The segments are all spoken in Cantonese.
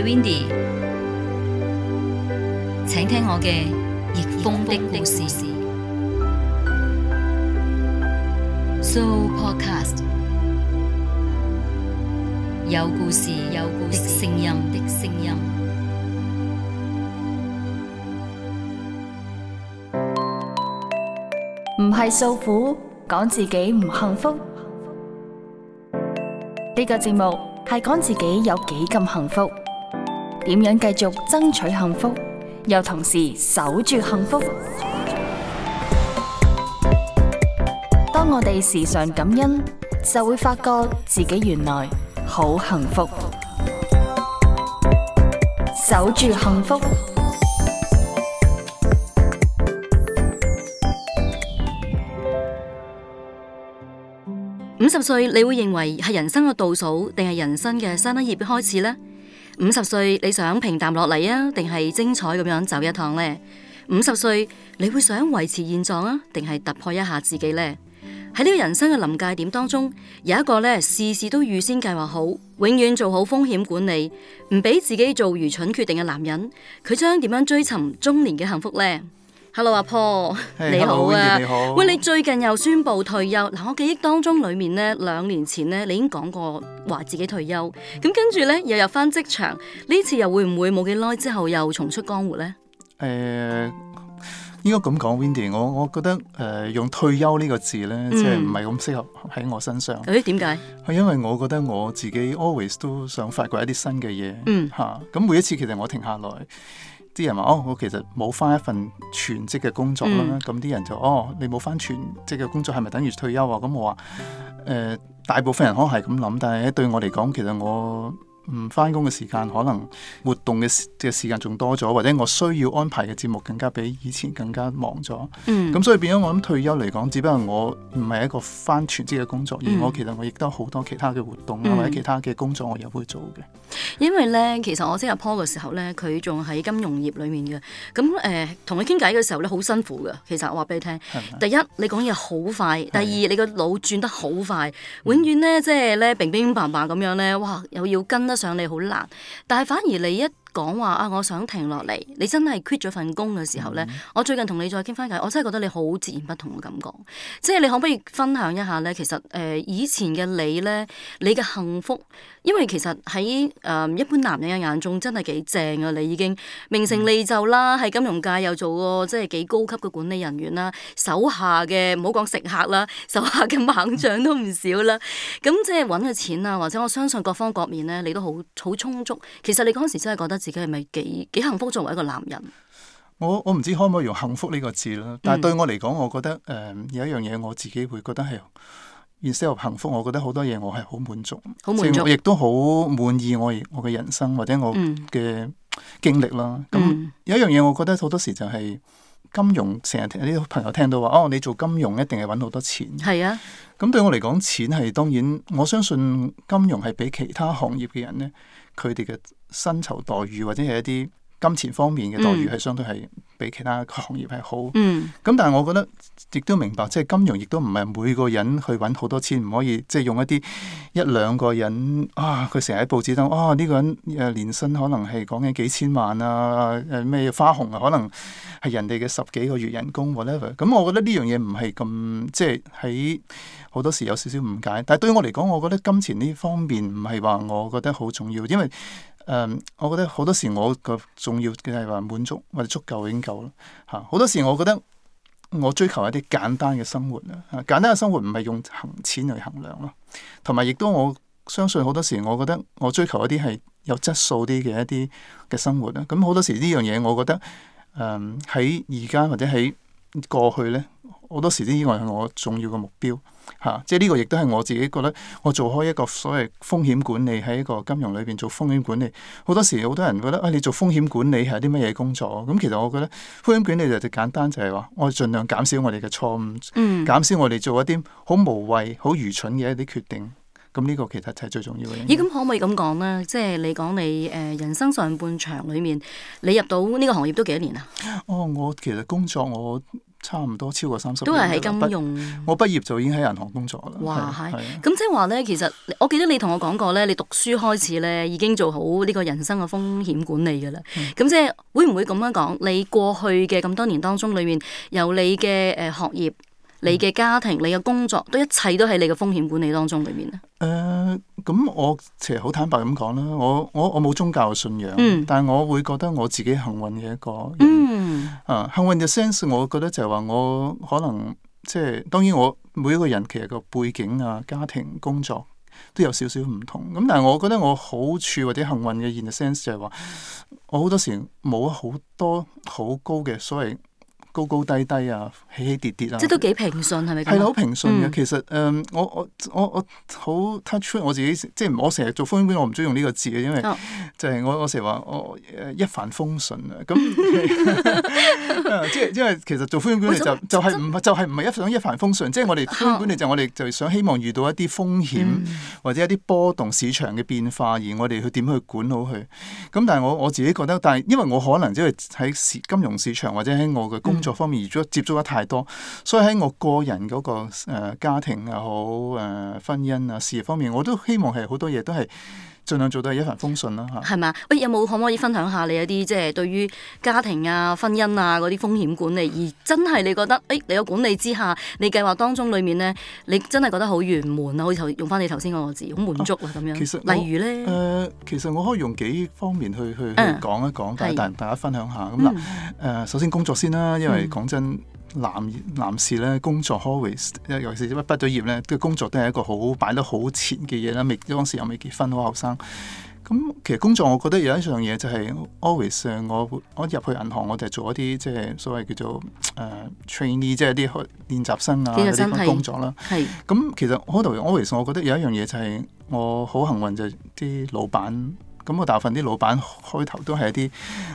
係 Windy，請聽我嘅逆風的故事。So podcast 有故事，有故事，有聲音的聲音。唔係訴苦，講自己唔幸福。呢個節目係講自己有幾咁幸福。點樣繼續爭取幸福，又同時守住幸福？當我哋時常感恩，就會發覺自己原來好幸福。守住幸福。五十歲你會認為係人生嘅倒數，定係人生嘅新一頁嘅開始呢？五十歲你想平淡落嚟啊，定係精彩咁樣走一趟呢？五十歲你會想維持現狀啊，定係突破一下自己呢？喺呢個人生嘅臨界點當中，有一個呢，事事都預先計劃好，永遠做好風險管理，唔俾自己做愚蠢決定嘅男人，佢將點樣追尋中年嘅幸福呢？hello 阿 Paul，你好啊，hello, Wendy, 你好。喂，你最近又宣布退休，嗱，我記憶當中裏面咧，兩年前咧，你已經講過話自己退休，咁跟住咧又入翻職場，呢次又會唔會冇幾耐之後又重出江湖咧？誒、呃，應該咁講，Wendy，我我覺得誒、呃、用退休呢個字咧，即係唔係咁適合喺我身上。誒、哎，點解？係因為我覺得我自己 always 都想發掘一啲新嘅嘢，嗯，吓、啊，咁每一次其實我停下來。啲人話：哦，我其實冇返一份全職嘅工作啦，咁啲、嗯、人就哦，你冇返全職嘅工作係咪等於退休啊？咁我話：誒、呃，大部分人可能係咁諗，但係對我嚟講，其實我。唔翻工嘅時間，可能活動嘅嘅時間仲多咗，或者我需要安排嘅節目更加比以前更加忙咗。咁所以變咗我諗退休嚟講，只不過我唔係一個翻全職嘅工作，而我其實我亦都好多其他嘅活動或者其他嘅工作我又會做嘅。因為咧，其實我新加坡嘅時候咧，佢仲喺金融業裡面嘅。咁誒，同佢傾偈嘅時候咧，好辛苦嘅。其實我話俾你聽，第一你講嘢好快，第二你個腦轉得好快，永遠咧即係咧乒乒乓乓咁樣咧，哇！又要跟得。想你好難，但係反而你一。講話啊！我想停落嚟。你真係 quit 咗份工嘅時候咧，嗯、我最近同你再傾翻偈，我真係覺得你好截然不同嘅感覺。即係你可唔可以分享一下咧？其實誒以前嘅你咧，你嘅幸福，因為其實喺誒、嗯、一般男人嘅眼中真係幾正啊！你已經名成利就啦，喺金融界又做過即係幾高級嘅管理人員啦，手下嘅唔好講食客啦，手下嘅猛將都唔少啦。咁即係揾嘅錢啊，或者我相信各方各面咧，你都好好充足。其實你嗰時真係覺得，自己係咪幾幾幸福？作為一個男人，我我唔知可唔可以用幸福呢、這個字啦。嗯、但係對我嚟講，我覺得誒、呃，有一樣嘢我自己會覺得係，而且又幸福。我覺得好多嘢我係好滿足，好滿足，亦都好滿意我我嘅人生或者我嘅經歷啦。咁、嗯、有一樣嘢，我覺得好多時就係、是、金融，成日聽啲朋友聽到話哦，你做金融一定係揾好多錢。係啊，咁對我嚟講，錢係當然，我相信金融係比其他行業嘅人咧。佢哋嘅薪酬待遇，或者係一啲。金錢方面嘅待遇係相對係比其他行業係好，咁、嗯、但係我覺得亦都明白，即係金融亦都唔係每個人去揾好多錢，唔可以即係、就是、用一啲一兩個人啊，佢成日喺報紙度啊，呢、這個人誒年薪可能係講緊幾千萬啊，誒、啊、咩花紅啊，可能係人哋嘅十幾個月人工 whatever，咁、嗯、我覺得呢樣嘢唔係咁即係喺好多時有少少誤解，但係對於我嚟講，我覺得金錢呢方面唔係話我覺得好重要，因為。誒，um, 我覺得好多時我嘅重要嘅係話滿足或者足夠已經夠啦嚇。好、啊、多時我覺得我追求一啲簡單嘅生活啦、啊，簡單嘅生活唔係用錢嚟衡量咯。同埋亦都我相信好多時我覺得我追求一啲係有質素啲嘅一啲嘅生活啦。咁、啊、好、嗯、多時呢樣嘢我覺得誒喺而家或者喺過去咧，好多時呢啲以為係我重要嘅目標。嚇！即係呢個亦都係我自己覺得，我做開一個所謂風險管理喺一個金融裏邊做風險管理，好多時好多人覺得，哎、啊，你做風險管理係啲乜嘢工作？咁其實我覺得風險管理就就簡單就，就係話我盡量減少我哋嘅錯誤，減、嗯、少我哋做一啲好無謂、好愚蠢嘅一啲決定。咁、這、呢個其實就係最重要嘅。咦、嗯？咁可唔可以咁講呢？即係你講你誒、呃、人生上半場裏面，你入到呢個行業都幾多年啦？哦，我其實工作我。差唔多超過三十年。都係喺金融。我畢業就已經喺銀行工作啦。哇！係，咁即係話咧，其實我記得你同我講過咧，你讀書開始咧已經做好呢個人生嘅風險管理㗎啦。咁、嗯、即係會唔會咁樣講？你過去嘅咁多年當中裏面，由你嘅誒學業。你嘅家庭、你嘅工作，都一切都喺你嘅風險管理當中裏面啊。誒、呃，咁我其實好坦白咁講啦，我我我冇宗教信仰，嗯、但係我會覺得我自己幸運嘅一個，嗯啊，幸運嘅 sense，我覺得就係話我可能即係、就是，當然我每一個人其實個背景啊、家庭、工作都有少少唔同。咁但係我覺得我好處或者幸運嘅現實 sense 就係話，我好多時冇好多好高嘅所謂。高高低低啊，起起跌跌，跌啊，即係都幾平順，係咪？係好平順嘅。嗯、其實誒、嗯，我我我我好 touch 出我自己，即係唔我成日做風險管理，我唔中意用呢個字嘅，因為就係我我成日話我誒一帆風順啊。咁即係因為其實做風險管理就是、想就係、是、唔就係唔係一想、就是、一,一帆風順，即係我哋風險管理就我哋就想希望遇到一啲風險或者一啲波動市場嘅變化，而我哋去點去管好佢。咁但係我我自己覺得，但係因為我可能即係喺市金融市場或者喺我嘅工。嗯工作方面而做接觸得太多，所以喺我個人嗰、嗰個誒、呃、家庭又好誒婚姻啊、事業方面，我都希望係好多嘢都係。盡量做到係一帆風順啦嚇。係咪？喂、欸，有冇可唔可以分享下你一啲即係對於家庭啊、婚姻啊嗰啲風險管理？而真係你覺得，誒、欸，你有管理之下，你計劃當中裡面呢，你真係覺得好圓滿啦，好似用翻你頭先嗰個字，好滿足啦咁樣。其實，例如呢，誒、呃，其實我可以用幾方面去去，去講一講，但係大大家分享下咁嗱。誒、嗯，嗯、首先工作先啦，因為講真。男男士咧工作 always，尤其是一畢咗業咧，個工作都係一個好擺得好前嘅嘢啦。未當時又未結婚，好後生咁。其實工作，我覺得有一樣嘢就係、是、always 我。我我入去銀行，我就做一啲即係所謂叫做誒、呃、trainee，即係啲練習生啊呢班工作啦。咁、嗯，其實好是、嗯、always，我覺得有一樣嘢就係、是、我好幸運，就係啲老闆。咁我大部分啲老闆開頭都係一啲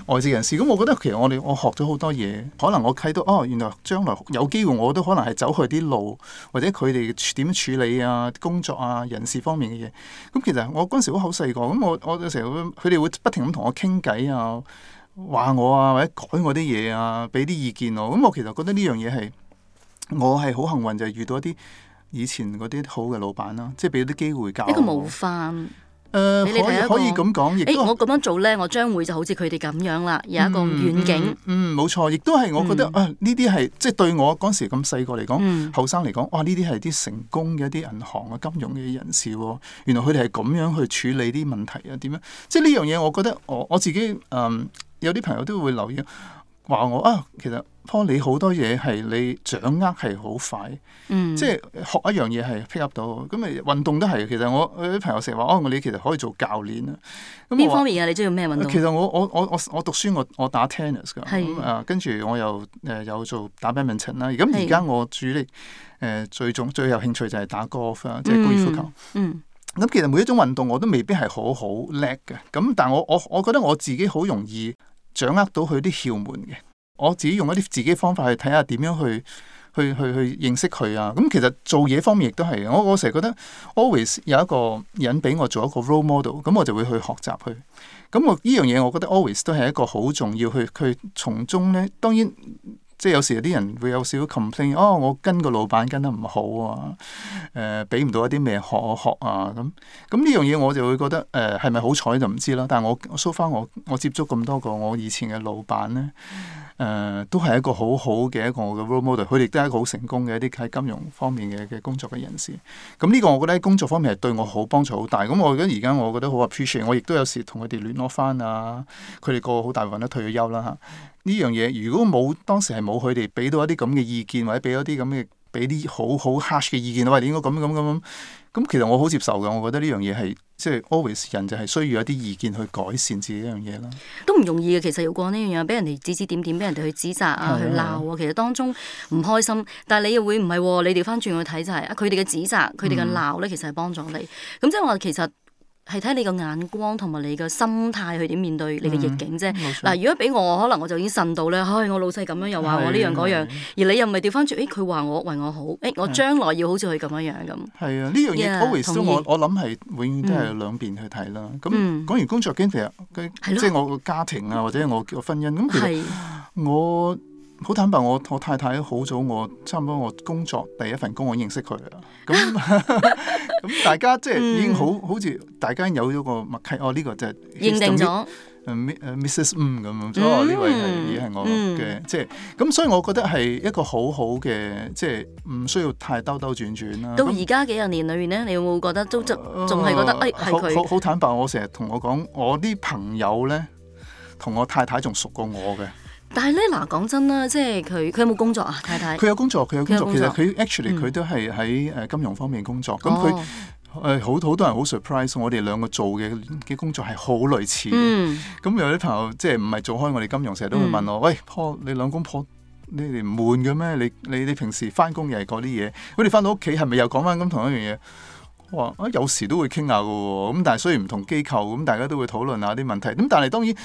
外籍人士，咁我覺得其實我哋我學咗好多嘢，可能我睇到哦，原來將來有機會我都可能係走去啲路，或者佢哋點處理啊、工作啊、人事方面嘅嘢。咁其實我嗰陣時好細個，咁我我有時候佢哋會不停咁同我傾偈啊，話我啊，或者改我啲嘢啊，俾啲意見我。咁我其實覺得呢樣嘢係我係好幸運，就係遇到一啲以前嗰啲好嘅老闆啦、啊，即係俾啲機會教我。一個模誒、呃、可以咁講，亦都、欸、我咁樣做呢，我將會就好似佢哋咁樣啦，有一個遠景。嗯，冇、嗯嗯、錯，亦都係我覺得、嗯、啊，呢啲係即係對我嗰時咁細個嚟講，後生嚟講，哇！呢啲係啲成功嘅一啲銀行啊、金融嘅人士喎、哦，原來佢哋係咁樣去處理啲問題啊？點樣？即係呢樣嘢，我覺得我我自己誒、嗯、有啲朋友都會留意。話我啊，其實幫你好多嘢，係你掌握係好快，嗯、即係學一樣嘢係 pick up 到，咁咪運動都係。其實我啲朋友成日話，哦、啊，你其實可以做教練啊，咁呢方面啊，說你中意咩運動？其實我我我我我讀書我我打 tennis 噶，咁是啊，跟住我又誒、呃、有做打 badminton 啦。咁而家我主力誒是、呃、最重最有興趣就係打 golf 啊，即係、嗯、高爾夫球。咁、嗯嗯嗯嗯、其實每一種運動我都未必係好好叻嘅，咁但係我我我覺得我自己好容易。掌握到佢啲竅門嘅，我自己用一啲自己方法去睇下點樣去去去去認識佢啊！咁其實做嘢方面亦都係，我我成日覺得 always 有一個人俾我做一個 role model，咁我就會去學習佢。咁我呢樣嘢，這個、我覺得 always 都係一個好重要，去去從中呢，當然。即係有時有啲人會有少少 complain，哦，我跟個老闆跟得唔好啊，誒、呃，俾唔到一啲咩學我學啊咁，咁呢樣嘢我就會覺得誒係咪好彩就唔知啦。但係我、so、我 so far 我我接觸咁多個我以前嘅老闆咧。Mm-hmm. 誒、呃、都係一個好好嘅一個我嘅 role model，佢哋都係一個好成功嘅一啲喺金融方面嘅嘅工作嘅人士。咁、嗯、呢、這個我覺得喺工作方面係對我好幫助好大。咁、嗯、我而家我覺得好 appreciate，我亦都有時同佢哋聯絡翻啊。佢哋個個好大部分都退咗休啦嚇。呢樣嘢如果冇當時係冇佢哋俾到一啲咁嘅意見，或者俾一啲咁嘅俾啲好好 hush 嘅意見，話、哎、你應該咁咁咁咁。咁其實我好接受嘅，我覺得呢樣嘢係。即係 always 人就係需要一啲意見去改善自己一樣嘢啦，都唔容易嘅。其實要過呢樣嘢，俾人哋指指點點，俾人哋去指責啊，去鬧啊。其實當中唔開心，但係你又會唔係喎？你調翻轉去睇就係、是、啊，佢哋嘅指責、佢哋嘅鬧咧，其實係幫咗你。咁即係話其實。係睇你個眼光同埋你個心態去點面對你嘅逆境啫。嗱，如果俾我，可能我就已經呻到咧。唉，我老細咁樣又話我呢樣嗰樣，而你又唔係調翻轉？誒，佢話我為我好，誒，我將來要好似佢咁樣樣咁。係啊，呢樣嘢我我諗係永遠都係兩邊去睇啦。咁講完工作嘅，其實即係我個家庭啊，或者我個婚姻咁。我。好坦白，我我太太好早我，我差唔多我工作第一份工，我認識佢啦。咁咁 大家即係已經好好似大家有咗個默契。哦，呢、這個即、就、係、是、認定咗。Miss 誒 Mrs 咁咁，所以呢位係已係我嘅。即係咁，所以我覺得係一個好好嘅，即係唔需要太兜兜轉轉啦。到而家幾廿年裏面咧，你有冇覺得都仲仲係覺得誒係佢、啊哎、好，好坦白，我成日同我講，我啲朋友咧同我太太仲熟過我嘅。但係咧，嗱，講真啦，即係佢佢有冇工作啊，太太？佢有工作，佢有工作。其實佢 actually 佢都係喺誒金融方面工作。咁佢誒好好多人都好 surprise，我哋兩個做嘅嘅工作係好類似嘅。咁有啲朋友即係唔係做開我哋金融，成日都會問我：喂，潘，你兩公婆你哋唔悶嘅咩？你你你平時翻工又係嗰啲嘢，咁你翻到屋企係咪又講翻咁同一樣嘢？我話啊，有時都會傾下嘅喎。咁但係雖然唔同機構，咁大家都會討論下啲問題。咁但係當然。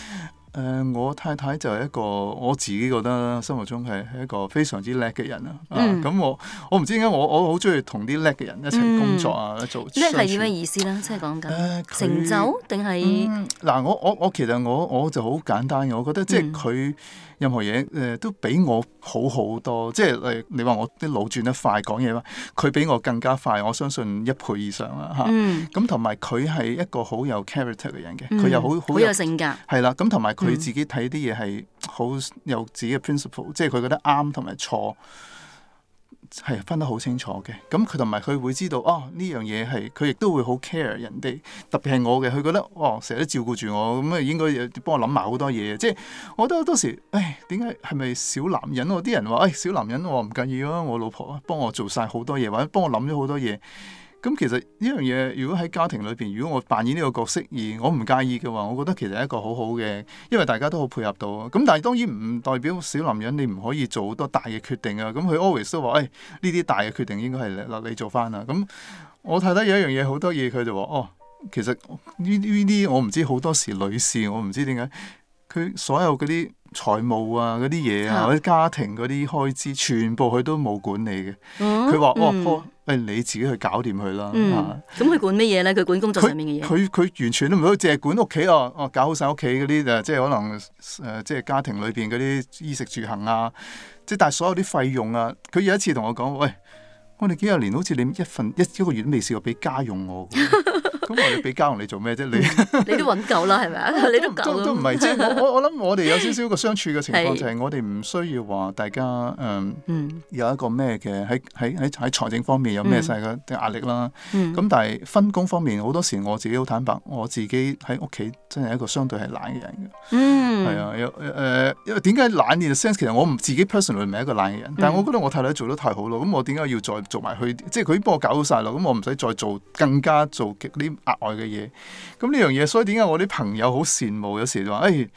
誒、呃，我太太就係一個，我自己覺得生活中係係一個非常之叻嘅人啦。咁我我唔知點解我我好中意同啲叻嘅人一齊工作啊，嗯、做叻係點咩意思咧？即係講緊成就定係嗱，我我我，我其實我我就好簡單嘅，我覺得即係佢。嗯任何嘢誒都比我好好多，即係誒你話我啲腦轉得快講嘢啦，佢比我更加快，我相信一倍以上啦嚇。咁同埋佢係一個好有 character 嘅人嘅，佢又好好、嗯、有、有性格。係啦，咁同埋佢自己睇啲嘢係好有自己嘅 principle、嗯、即係佢覺得啱同埋錯。係分得好清楚嘅，咁佢同埋佢會知道哦呢樣嘢係，佢亦都會好 care 人哋，特別係我嘅，佢覺得哦成日都照顧住我，咁啊應該幫我諗埋好多嘢，即係我覺得當時，唉，點解係咪小男人？我啲人話，唉、哎、小男人，我、哦、唔緊要。」啊，我老婆幫我做晒好多嘢，或者幫我諗咗好多嘢。咁其實呢樣嘢，如果喺家庭裏邊，如果我扮演呢個角色而我唔介意嘅話，我覺得其實係一個好好嘅，因為大家都好配合到啊。咁但係當然唔代表小男人你唔可以做好多大嘅決定啊。咁佢 always 都話：，誒呢啲大嘅決定應該係你做翻啊。咁我睇得有一樣嘢好多嘢，佢就話：，哦，其實呢呢啲我唔知，好多時女士我唔知點解佢所有嗰啲財務啊，嗰啲嘢啊，或者家庭嗰啲開支全部佢都冇管理嘅。佢話、嗯：，我誒你自己去搞掂佢啦，嚇、嗯！咁佢、啊、管乜嘢咧？佢管工作上面嘅嘢。佢佢完全都唔會，只係管屋企哦哦，搞好晒屋企嗰啲誒，即係可能誒、啊，即係家庭裏邊嗰啲衣食住行啊，即係但係所有啲費用啊，佢有一次同我講，喂、哎，我哋幾十年好似你一份一一個月都未試過俾家用我。 咁我哋俾家用你做咩啫？你你 都揾夠啦，係咪啊？你都夠啦。都都唔係，即我我我諗，我哋有少少個相處嘅情況，就係我哋唔需要話大家誒、嗯嗯、有一個咩嘅喺喺喺喺財政方面有咩細嘅啲壓力啦。咁、嗯嗯、但係分工方面，好多時我自己好坦白，我自己喺屋企真係一個相對係懶嘅人嘅。嗯。係啊，有、呃、誒，因為點解懶咧？首先，其實我唔自己 personally 唔係一個懶嘅人，但係我覺得我太太做得太好咯。咁我點解要再做埋去？即係佢已幫我搞好晒咯。咁我唔使再做更加做極啲。額外嘅嘢，咁呢樣嘢，所以點解我啲朋友好羨慕，有時就話，誒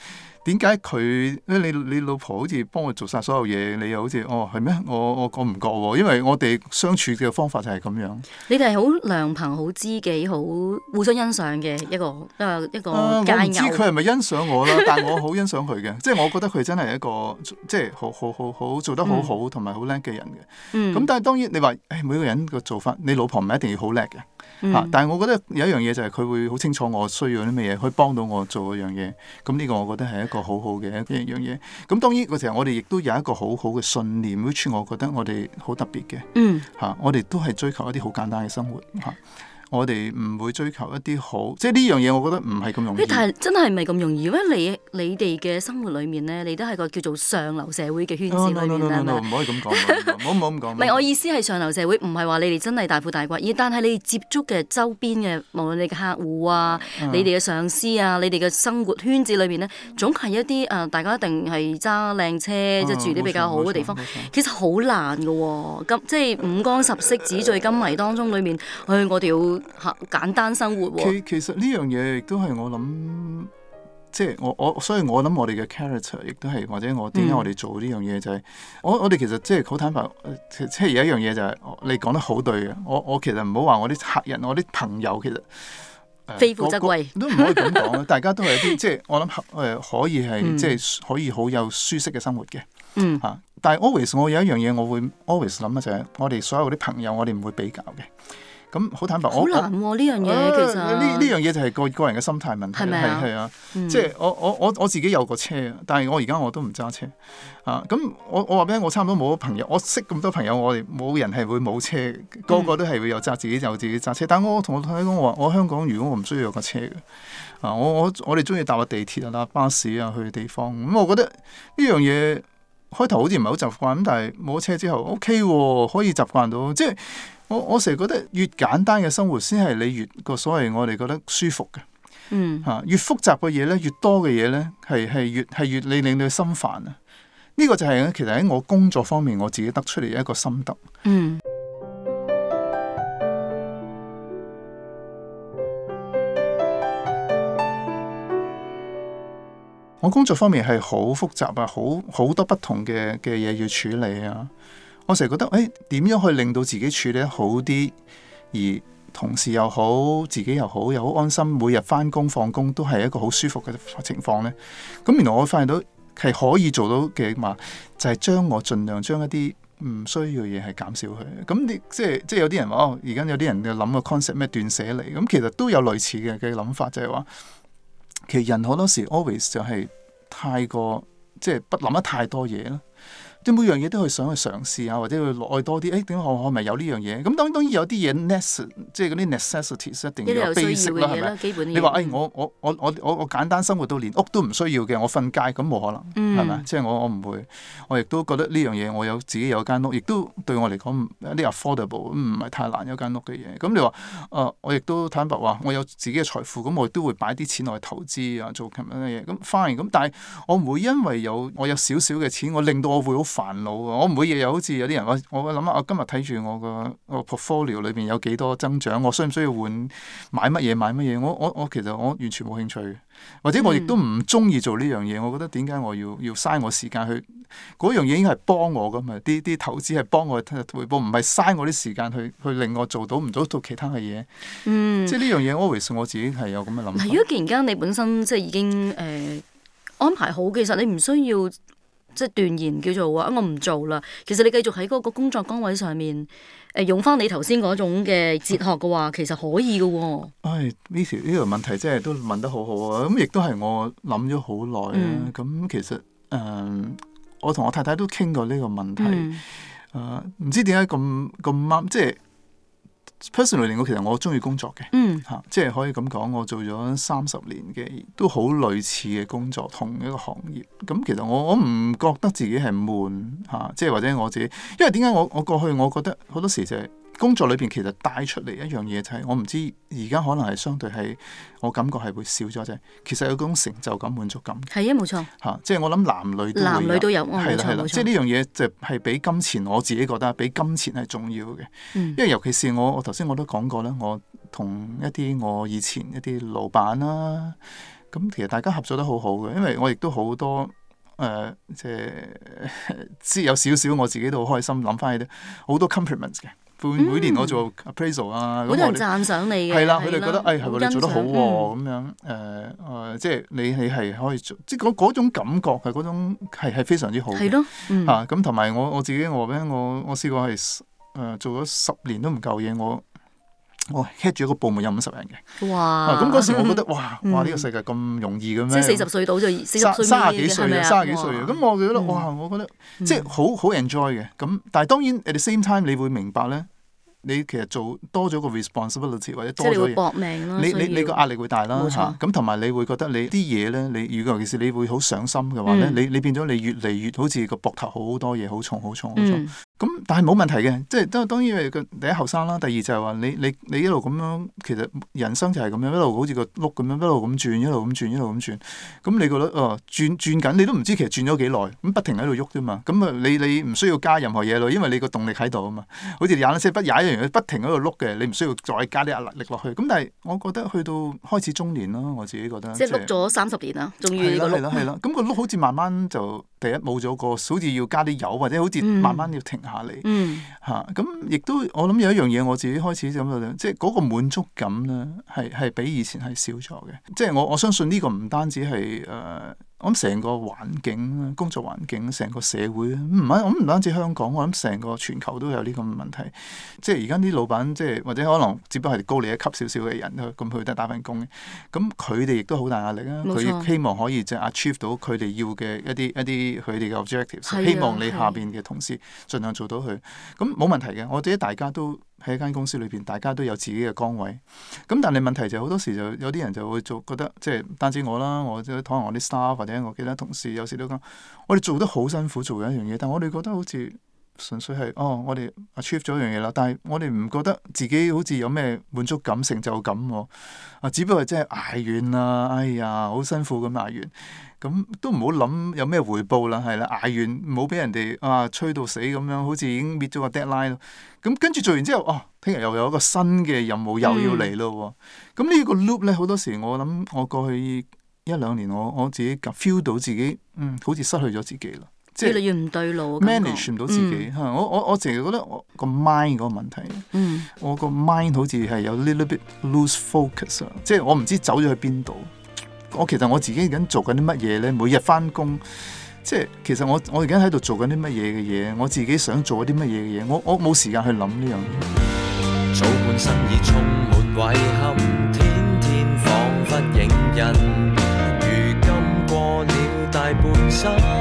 點解佢咧？你你老婆好似幫我做晒所有嘢，你又好似哦，係咩？我我，我覺唔覺喎？因為我哋相處嘅方法就係咁樣。你哋係好良朋、好知己、好互相欣賞嘅一個啊一個佳人。佢係咪欣賞我啦？ 但我好欣賞佢嘅，即係我覺得佢真係一個即係好好好好做得好好同埋好叻嘅人嘅。咁、嗯、但係當然你話，誒、哎、每個人個做法，你老婆唔係一定要好叻嘅。嚇！嗯、但係我覺得有一樣嘢就係佢會好清楚我需要啲咩嘢，可以幫到我做嗰樣嘢。咁呢個我覺得係一個好好嘅一樣嘢。咁當然嗰時候我哋亦都有一個好好嘅信念，which 我覺得我哋好特別嘅。嗯，嚇、啊！我哋都係追求一啲好簡單嘅生活嚇。啊。我哋唔會追求一啲好，即係呢樣嘢，我覺得唔係咁容易。但係真係唔係咁容易，如果你你哋嘅生活裏面咧，你都係個叫做上流社會嘅圈子裏面啊。唔可以咁講，唔好咁講。唔係， 我意思係上流社會，唔係話你哋真係大富大貴，而但係你接觸嘅周邊嘅，無論你嘅客戶啊、uh, 你哋嘅上司啊、你哋嘅生活圈子裏面咧，總係一啲誒、呃，大家一定係揸靚車，即係、uh, 住啲比較好嘅地方。其實好難㗎喎，咁即係五光十色、紙醉金迷當中裏面，唉，我哋要。吓簡單生活、啊、其實呢樣嘢亦都係我諗，即係我我所以我諗我哋嘅 character 亦都係或者我點解我哋做呢樣嘢就係、是嗯、我我哋其實即係好坦白，即係有一樣嘢就係、是、你講得好對嘅。我我其實唔好話我啲客人，我啲朋友其實、呃、非富則貴，都唔可以咁講啦。 大家都係一啲即係我諗誒可以係即係可以好有舒適嘅生活嘅。吓、嗯啊，但係 always 我有一樣嘢我會 always 諗嘅就係、是、我哋所有啲朋友我哋唔會比較嘅。咁好坦白，難喎，我好我呢樣嘢其實呢呢樣嘢就係個個人嘅心態問題。係咪吧啊？嗯、即係我我我我自己有個車，車啊，但係我而家我都唔揸車啊。咁我我話俾你聽，我差唔多冇朋友，我識咁多朋友，我哋冇人係會冇車，個個都係會有揸自己就自己揸車。但我同我太太講我我香港，如果我唔需要有架車嘅啊，我我我哋中意搭個地鐵啊、搭巴士啊去地方。咁、啊、我覺得呢樣嘢。開頭好似唔係好習慣咁，但係冇車之後，OK 啊，可以習慣到。即係我我成日覺得越簡單嘅生活，先係你越個所謂我哋覺得舒服嘅。嗯吓、啊，越複雜嘅嘢咧，越多嘅嘢咧，係係越係越越你令到心煩啊！呢個就係咧，其實喺我工作方面，我自己得出嚟一個心得。嗯。我工作方面係好複雜啊，好好多不同嘅嘅嘢要處理啊。我成日覺得，誒、欸、點樣去令到自己處理得好啲，而同事又好，自己又好，又好安心，每日翻工放工都係一個好舒服嘅情況呢。咁原來我發現到係可以做到嘅嘛，就係、是、將我儘量將一啲唔需要嘅嘢係減少佢。咁你即係即係有啲人話，哦而家有啲人嘅諗嘅 concept 咩斷捨離，咁其實都有類似嘅嘅諗法，就係、是、話。其實人好多時 always 就係太過，即係不諗得太多嘢咯。即每樣嘢都去想去嘗試下，或者去愛多啲。誒、哎、點我可咪有呢樣嘢？咁當然然有啲嘢、就是、necess 即係嗰啲 necessities 一定要一有 b a 啦，係咪？基本你話誒、哎、我我我我我我簡單生活到連屋都唔需要嘅，我瞓街咁冇可能係咪？即係、嗯、我我唔會，我亦都覺得呢樣嘢我有自己有間屋，亦都對我嚟講呢 affordable 唔係太難有間屋嘅嘢。咁你話誒、呃，我亦都坦白話，我有自己嘅財富，咁我亦都會擺啲錢落去投資啊，做咁他嘅嘢咁反而 n 咁但係我唔會因為有我有少少嘅錢，我令到我會好煩惱啊！我唔會日日好似有啲人我我諗下，我今日睇住我個個 portfolio 裏邊有幾多增長，我需唔需要換買乜嘢買乜嘢？我我我其實我完全冇興趣，或者我亦都唔中意做呢樣嘢。我覺得點解我要要嘥我時間去嗰樣嘢應該係幫我㗎嘛？啲啲投資係幫我日回報，唔係嘥我啲時間去去令我做到唔到到其他嘅嘢。嗯、即係呢樣嘢，always 我自己係有咁嘅諗。如果突然間你本身即係已經誒、呃、安排好，其實你唔需要。即係斷言叫做話，啊我唔做啦！其實你繼續喺嗰個工作崗位上面，誒、呃、用翻你頭先嗰種嘅哲學嘅話，其實可以㗎喎、哦。唉，Vishal，呢個問題真係都問得好好啊！咁亦都係我諗咗好耐啊。咁、嗯、其實誒、呃，我同我太太都傾過呢個問題。誒、嗯，唔、呃、知點解咁咁啱，即係。Personally, 我其實我中意工作嘅，嚇、mm. 啊，即係可以咁講，我做咗三十年嘅，都好類似嘅工作，同一個行業。咁、嗯、其實我我唔覺得自己係悶嚇、啊，即係或者我自己，因為點解我我過去我覺得好多時就係、是。工作裏邊其實帶出嚟一樣嘢就係，我唔知而家可能係相對係，我感覺係會少咗啫。其實有種成就感、滿足感。係啊，冇錯。嚇，即係我諗男女男女都有，係係啦。錯即係呢樣嘢就係俾金錢，我自己覺得俾金錢係重要嘅。嗯、因為尤其是我，我頭先我都講過咧，我同一啲我以前一啲老闆啦，咁其實大家合作得好好嘅，因為我亦都好多誒、呃，即係即係 有少少，我自己都好開心諗翻起啲好多 compliments 嘅。每年我做 appraisal 啊，咁佢哋讚賞你係啦，佢哋覺得，的哎，係我哋做得好喎、啊，咁、嗯、樣，誒、呃，誒、呃呃，即係你你係可以做，即係嗰嗰種感覺係嗰種係係非常之好嘅，咁同埋我我自己我咧，我我試過係誒、呃、做咗十年都唔夠嘢我。我 head 住個部門有五十人嘅，哇！咁嗰時我覺得，哇！哇！呢個世界咁容易嘅咩？即係四十歲到就三十幾歲啊，係咪三十幾歲啊！咁我覺得，哇！我覺得、嗯、即係好好 enjoy 嘅。咁但係當然，at the same time，你會明白咧。你其實做多咗個 responsibility 或者多咗嘢、搏命啊，你你你個壓力會大啦，咁同埋你會覺得你啲嘢咧，你如果尤其是你會好上心嘅話咧、嗯，你你變咗你越嚟越好似個膊頭好，好多嘢好重好重好重。咁、嗯嗯、但係冇問題嘅，即係都當然係個你係後生啦。第二就係話你你你一路咁樣，其實人生就係咁樣一路好似個碌咁樣一路咁轉一路咁轉一路咁轉。咁、嗯、你覺得哦轉轉緊，你都唔知其實轉咗幾耐。咁不停喺度喐啫嘛。咁啊你你唔需要加任何嘢咯，因為你個動力喺度啊嘛。好似踩單車不踩不停喺度碌嘅，你唔需要再加啲壓力力落去。咁但係，我覺得去到開始中年咯，我自己覺得。即係碌咗三十年啦，終於。係咯係咯係咯。咁、嗯個碌好似慢慢就第一冇咗個，好似要加啲油，或者好似慢慢要停下嚟。嗯、啊。咁亦都我諗有一樣嘢，我自己開始、嗯、就咁樣，即係嗰個滿足感咧，係係比以前係少咗嘅。即、就、係、是、我我相信呢個唔單止係誒。呃我諗成個環境，工作環境，成個社會唔係我唔單止香港，我諗成個全球都有呢個問題。即係而家啲老闆，即係或者可能只不過係高你一級少少嘅人啦，咁佢都係打份工，咁佢哋亦都好大壓力啊。佢錯希望可以即係 achieve 到佢哋要嘅一啲一啲佢哋嘅 objectives，的希望你下邊嘅同事儘量做到佢。咁冇的問題嘅，我覺得大家都。喺一間公司裏邊，大家都有自己嘅崗位。咁但係問題就好多時就有啲人就會做，覺得即係單止我啦，我即係可能我啲 staff 或者我其他同事，有時都講我哋做得好辛苦做緊一樣嘢，但我哋覺得好似。純粹係哦，我哋 Achieve 咗一樣嘢啦，但係我哋唔覺得自己好似有咩滿足感、成就感喎。啊、哦，只不過係真係捱完啦，哎呀，好辛苦咁捱完，咁、嗯、都唔好諗有咩回報啦，係啦，捱完唔好俾人哋啊吹到死咁樣，好似已經滅咗個 deadline 咯、嗯。咁跟住做完之後，哦，聽日又有一個新嘅任務又要嚟咯喎。咁呢、嗯嗯、個 loop 咧，好多時我諗，我過去一兩年我，我我自己 feel 到自己嗯，好似失去咗自己啦。越嚟越唔對路。manage 唔到自己，嗯、我我我成日覺得我個 mind 嗰個問題，嗯、我個 mind 好似係有 little bit loose focus，即係、嗯、我唔知走咗去邊度。我其實我自己緊做緊啲乜嘢咧？每日返工，即、就、係、是、其實我我而家喺度做緊啲乜嘢嘅嘢？我自己想做啲乜嘢嘅嘢？我我冇時間去諗呢樣嘢。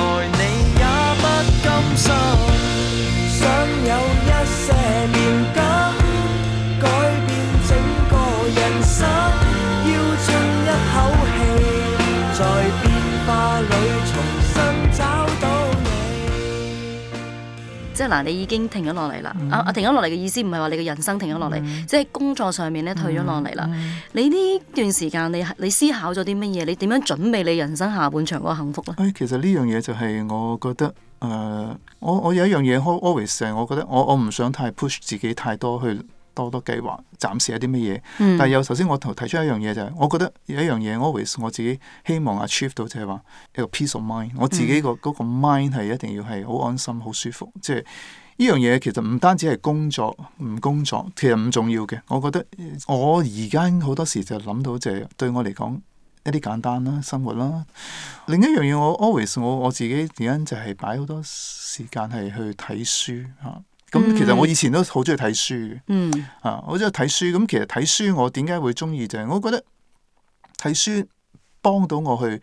即係嗱，你已經停咗落嚟啦。啊啊、嗯，停咗落嚟嘅意思唔係話你嘅人生停咗落嚟，嗯、即係工作上面咧退咗落嚟啦。嗯、你呢段時間你你思考咗啲乜嘢？你點樣準備你人生下半場嗰個幸福咧、哎？其實呢樣嘢就係我覺得誒、呃，我我有一樣嘢，always say, 我覺得我我唔想太 push 自己太多去。多多計劃，暫時有啲乜嘢？嗯、但又有首先，我提提出一樣嘢就係、是，我覺得有一樣嘢，always 我自己希望 achieve 到就係話一個 peace of mind。我自己個嗰、嗯、個 mind 係一定要係好安心、好舒服。即係呢樣嘢其實唔單止係工作，唔工作其實唔重要嘅。我覺得我而家好多時就諗到就係對我嚟講一啲簡單啦、生活啦。另一樣嘢，我 always 我我自己而家就係擺好多時間係去睇書嚇。咁、嗯、其實我以前都好中意睇書嘅，嗯、啊，我中意睇書。咁其實睇書我點解會中意就係、是、我覺得睇書幫到我去。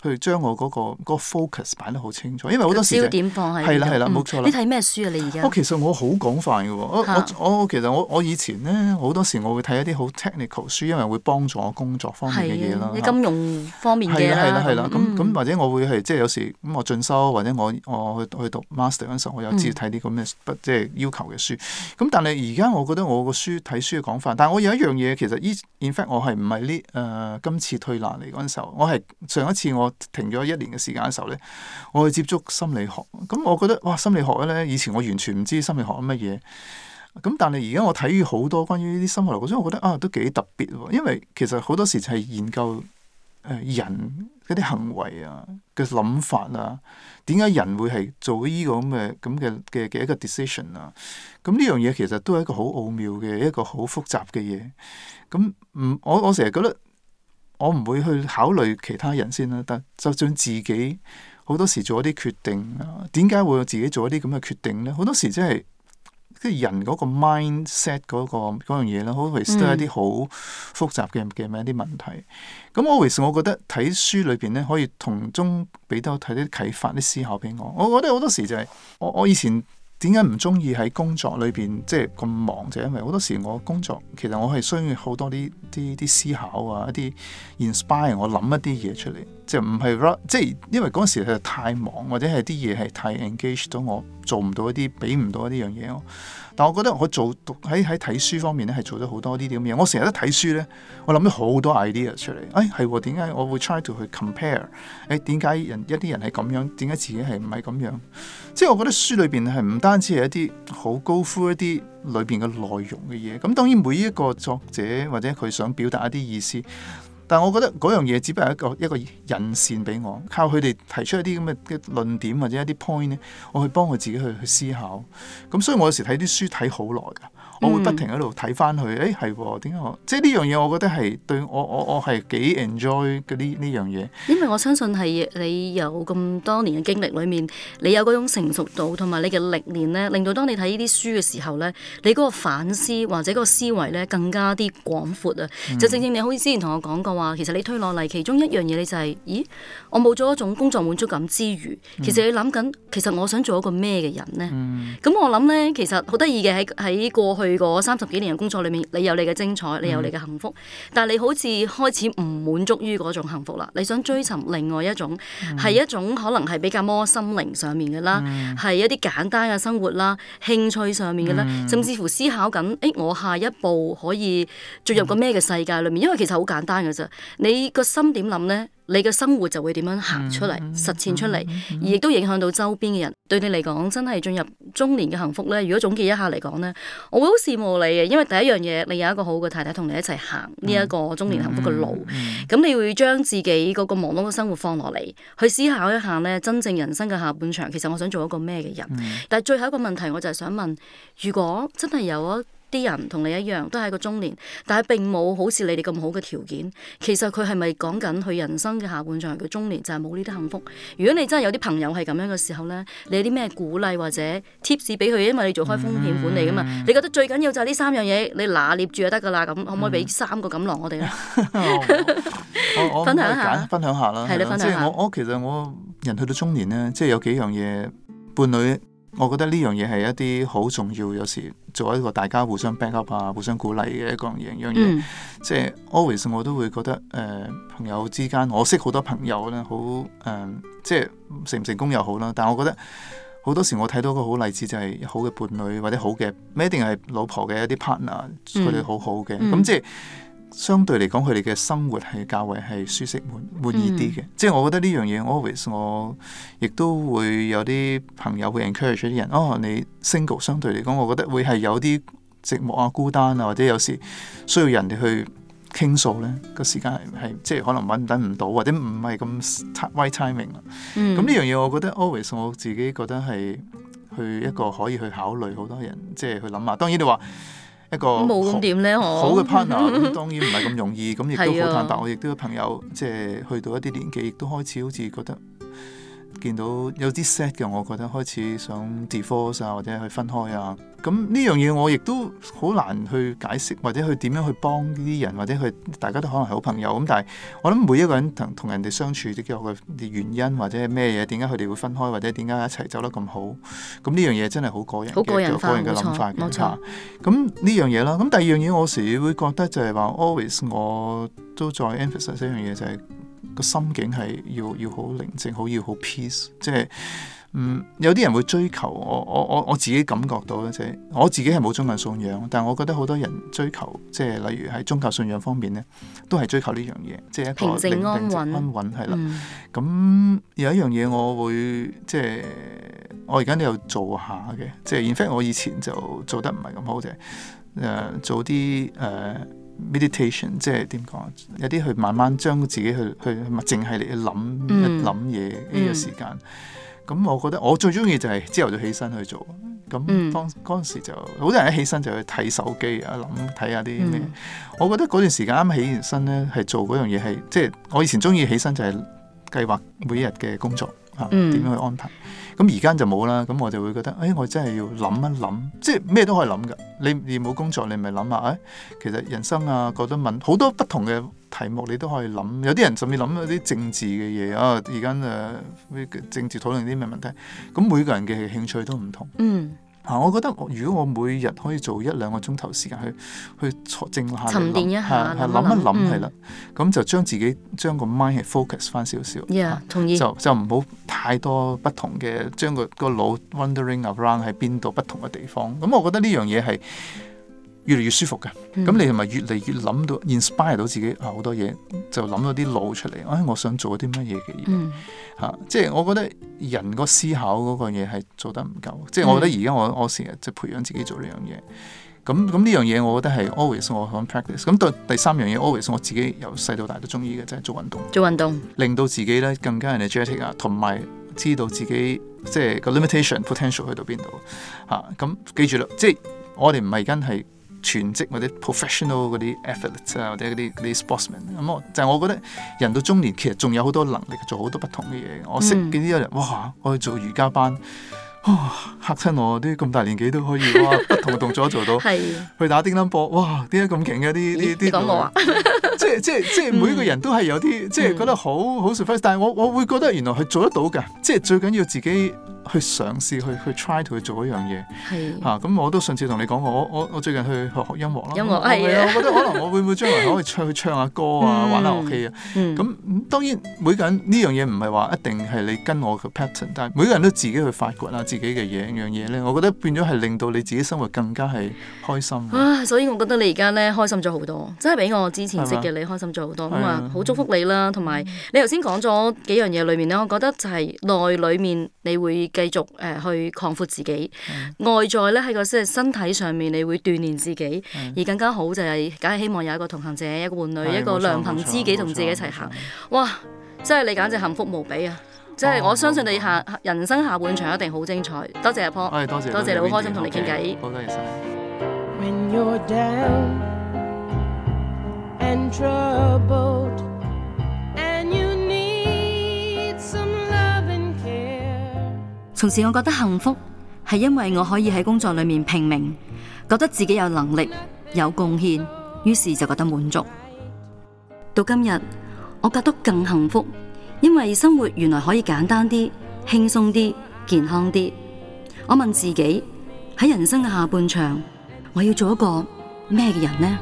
佢將我嗰、那個嗰、那個 focus 擺得好清楚，因為好多時，係啦係啦，冇、嗯、錯啦。你睇咩書啊你？你而家其實我好廣泛嘅喎的，我我我其實我我以前咧好多時我會睇一啲好 technical 書，因為會幫助我工作方面嘅嘢啦。你金融方面嘅嘢、啊，係啦係啦咁咁或者我會係即係有時咁我進修或者我我去去讀 master 嗰陣時候，我有接睇啲咁嘅不即係要求嘅書。咁但係而家我覺得我個書睇書嘅廣泛，但係我有一樣嘢其實 in fact 我係唔係呢誒今次退難嚟嗰陣時候，我係上一次我。停咗一年嘅時間嘅時候咧，我去接觸心理學，咁、嗯、我覺得哇，心理學咧以前我完全唔知心理學係乜嘢，咁、嗯、但係而家我睇好多關於呢啲心理學，所以我覺得啊都幾特別喎、哦，因為其實好多時就係研究誒、呃、人嗰啲行為啊、嘅諗法啊、點解人會係做呢個咁嘅咁嘅嘅嘅一個 decision 啊，咁、嗯、呢樣嘢其實都係一個好奧妙嘅一個好複雜嘅嘢，咁、嗯、唔我我成日覺得。我唔會去考慮其他人先啦，但就算自己好多時做一啲決定啊，點解會自己做一啲咁嘅決定咧？好多時即係即係人嗰 mind、嗰個 mindset 嗰個嗰樣嘢啦，always 都係一啲好複雜嘅嘅一啲問題。咁 always、嗯、我覺得睇書裏邊咧，可以同中俾到睇啲啟發、啲思考俾我。我覺得好多時就係、係、我我以前。點解唔中意喺工作裏邊即係咁忙？就係因為好多時我工作其實我係需要好多啲啲啲思考啊，一啲 inspire，我諗一啲嘢出嚟。即係唔係即係因為嗰陣時佢就太忙，或者係啲嘢係太 engaged 到我，做唔到一啲，俾唔到一啲樣嘢咯。但我覺得我做讀喺喺睇書方面咧，係做咗好多啲啲咁嘅嘢。我成日都睇書咧，我諗咗好多 idea 出嚟。誒係點解我會 try to 去 compare？誒點解人一啲人係咁樣，點解自己係唔係咁樣？即係我覺得書裏邊係唔單止係一啲好 go through 一啲裏邊嘅內容嘅嘢。咁、嗯、當然每一個作者或者佢想表達一啲意思。但我覺得嗰樣嘢只不過係一個一個引線俾我，靠佢哋提出一啲咁嘅嘅論點或者一啲 point 咧，我去幫佢自己去去思考。咁所以我有時睇啲書睇好耐㗎。我會不停喺度睇翻佢，誒係點解即係呢樣嘢？我覺得係對我我我係幾 enjoy 嗰啲呢樣嘢。因為我相信係你有咁多年嘅經歷裏面，你有嗰種成熟度同埋你嘅歷練咧，令到當你睇呢啲書嘅時候咧，你嗰個反思或者嗰個思維咧更加啲廣闊啊！嗯、就正正你好似之前同我講過話，其實你推落嚟其中一樣嘢，你就係、是，咦，我冇咗一種工作滿足感之餘，其實你諗緊，其實我想做一個咩嘅人咧？咁、嗯嗯、我諗咧，其實好得意嘅喺喺過去，過去三十幾年嘅工作裏面，你有你嘅精彩，你有你嘅幸福，嗯、但係你好似開始唔滿足於嗰種幸福啦。你想追尋另外一種，係、嗯、一種可能係比較摩心靈上面嘅啦，係、嗯、一啲簡單嘅生活啦，興趣上面嘅啦，嗯、甚至乎思考緊，誒、哎、我下一步可以進入個咩嘅世界裏面？嗯、因為其實好簡單嘅啫，你個心點諗咧？你嘅生活就會點樣行出嚟、嗯、實踐出嚟，嗯嗯、而亦都影響到周邊嘅人。對你嚟講，真係進入中年嘅幸福咧。如果總結一下嚟講咧，我會好羨慕你嘅，因為第一樣嘢，你有一個好嘅太太同你一齊行呢一個中年幸福嘅路。咁、嗯嗯、你會將自己嗰個忙碌嘅生活放落嚟，去思考一下咧，真正人生嘅下半場。其實我想做一個咩嘅人？嗯、但最後一個問題，我就係想問：如果真係有一……啲人同你一樣，都係個中年，但係並冇好似你哋咁好嘅條件。其實佢係咪講緊佢人生嘅下半場？佢中年就係冇呢啲幸福。如果你真係有啲朋友係咁樣嘅時候咧，你有啲咩鼓勵或者貼士俾佢？因為你做開風險管理噶嘛，嗯、你覺得最緊要就係呢三樣嘢，你拿捏住就得噶啦。咁可唔可以俾三個錦囊我哋咧 我？分享下，分享下，分享下啦。係啦，你分享下。我，我其實我人去到中年咧，即係有幾樣嘢伴侶。我覺得呢樣嘢係一啲好重要，有時做一個大家互相 back up 啊，互相鼓勵嘅一個樣嘢。嗯、即係 always 我都會覺得，誒、呃、朋友之間，我識好多朋友咧，好誒、呃，即係成唔成功又好啦。但係我覺得好多時我睇到個好例子就係好嘅伴侶或者好嘅，唔一定係老婆嘅一啲 partner，佢哋、嗯、好好嘅，咁、嗯、即係。嗯相對嚟講，佢哋嘅生活係較為係舒適、滿滿意啲嘅。嗯、即係我覺得呢樣嘢，always 我亦都會有啲朋友會 encourage 啲人。哦，你 single 相對嚟講，我覺得會係有啲寂寞啊、孤單啊，或者有時需要人哋去傾訴咧。個時間係係即係可能揾等唔到，或者唔係咁 right timing 咁呢樣嘢，我覺得 always 我自己覺得係去一個可以去考慮好多人，即係去諗下。當然你話。一個好嘅 partner， 當然唔係咁容易，咁亦 都好坦白，我亦都有朋友即係去到一啲年紀，亦都開始好似覺得。見到有啲 sad 嘅，我覺得開始想 divorce 啊，或者去分開啊。咁呢樣嘢我亦都好難去解釋，或者去點樣去幫呢啲人，或者去大家都可能係好朋友。咁但係我諗每一個人同同人哋相處嘅原因或者咩嘢，點解佢哋會分開，或者點解一齊走得咁好？咁呢樣嘢真係好個人，嘅個人嘅諗法。冇錯，咁呢樣嘢啦。咁第二樣嘢我時會覺得就係話 ，always 我都在 emphasize 呢樣嘢就係、是。個心境係要要好寧靜，好要好 peace，即係嗯，有啲人會追求我我我我自己感覺到咧，即係我自己係冇宗教信仰，但係我覺得好多人追求，即係例如喺宗教信仰方面咧，都係追求呢樣嘢，即係一個寧靜平靜安穩係啦。咁的、嗯、有一樣嘢，我會即係我而家都有做下嘅，即係 in fact 我以前就做得唔係咁好，啫，係、呃、做啲誒。呃 Meditation 即係點講？有啲去慢慢將自己去去，咪淨係嚟諗一諗嘢呢個時間。咁、嗯、我覺得我最中意就係朝頭早就起身去做。咁當嗰陣、嗯、時就好多人一起身就去睇手機啊，諗睇下啲咩。看看嗯、我覺得嗰段時間啱起完身咧，係做嗰樣嘢係即係我以前中意起身就係計劃每日嘅工作啊，點、嗯嗯、樣去安排。咁而家就冇啦，咁我就會覺得，誒、哎，我真係要諗一諗，即係咩都可以諗㗎。你你冇工作，你咪諗下，其實人生啊，覺得問好多不同嘅題目，你都可以諗。有啲人甚至諗一啲政治嘅嘢啊，而家誒政治討論啲咩問題？咁每個人嘅興趣都唔同。嗯。我覺得我如果我每日可以做一兩個鐘頭時，時間去去坐靜下沉澱一下，諗一諗係啦，咁就將自己將個 mind 係 focus 返少少，就就唔好太多不同嘅，將個個腦 wandering around 喺邊度不同嘅地方。咁我覺得呢樣嘢係。越嚟越舒服嘅，咁、mm. 你係咪越嚟越諗到 inspire 到自己好多嘢就諗到啲路出嚟？哎，我想做啲乜嘢嘅嘢嚇，即係我覺得人個思考嗰個嘢係做得唔夠，mm. 即係我覺得而家我我成日即係培養自己做呢樣嘢，咁咁呢樣嘢我覺得係 always 我想 practice。咁第第三樣嘢 always 我自己由細到大都中意嘅，就係做運動，做運動令到自己咧更加 energetic 啊，同埋知道自己即係個 limitation potential 去到邊度嚇。咁、啊嗯、記住啦，即係我哋唔係而家係。全職或者 professional 嗰啲 athletes 啊，或者嗰啲啲 sportsman，咁我就係、是、我覺得人到中年其實仲有好多能力，做好多不同嘅嘢。嗯、我識見啲有人哇，我去做瑜伽班，哇嚇親我啲咁大年紀都可以，哇不同嘅動作做到。 是去打乒乓波，哇！點解咁勁嘅？啲啲講我、啊、即係即係即係、嗯、每個人都係有啲即係覺得好好 surprise，但係我我會覺得原來係做得到㗎。即係最緊要自己、嗯。嗯去嘗試去去 try 去做一樣嘢，嚇咁是、啊、我都上次同你講過，我我我最近去學,學音樂啦，音樂係我,、啊、我覺得可能我會唔會將來可以唱去 唱下歌啊，玩下樂器啊，咁、嗯嗯、當然每個人呢樣嘢唔係話一定係你跟我嘅 pattern，但係每個人都自己去發掘下自己嘅嘢，樣嘢咧，我覺得變咗係令到你自己生活更加係開心。啊，所以我覺得你而家咧開心咗好多，真係比我之前識嘅你開心咗好多，咁啊好祝福你啦，同埋你頭先講咗幾樣嘢裏面咧，我覺得就係內裏面你會。繼續誒去擴闊自己，外在咧喺個即係身體上面，你會鍛鍊自己，而更加好就係，梗係希望有一個同行者，一個伴侶，一個良朋知己同自己一齊行。哇！真係你簡直幸福無比啊！即係我相信你下人生下半場一定好精彩。多謝阿 Paul，多謝你，好開心同你傾偈。從前我覺得幸福，係因為我可以喺工作裏面拼命，覺得自己有能力、有貢獻，於是就覺得滿足。到今日，我覺得更幸福，因為生活原來可以簡單啲、輕鬆啲、健康啲。我問自己：喺人生嘅下半場，我要做一個咩嘅人呢？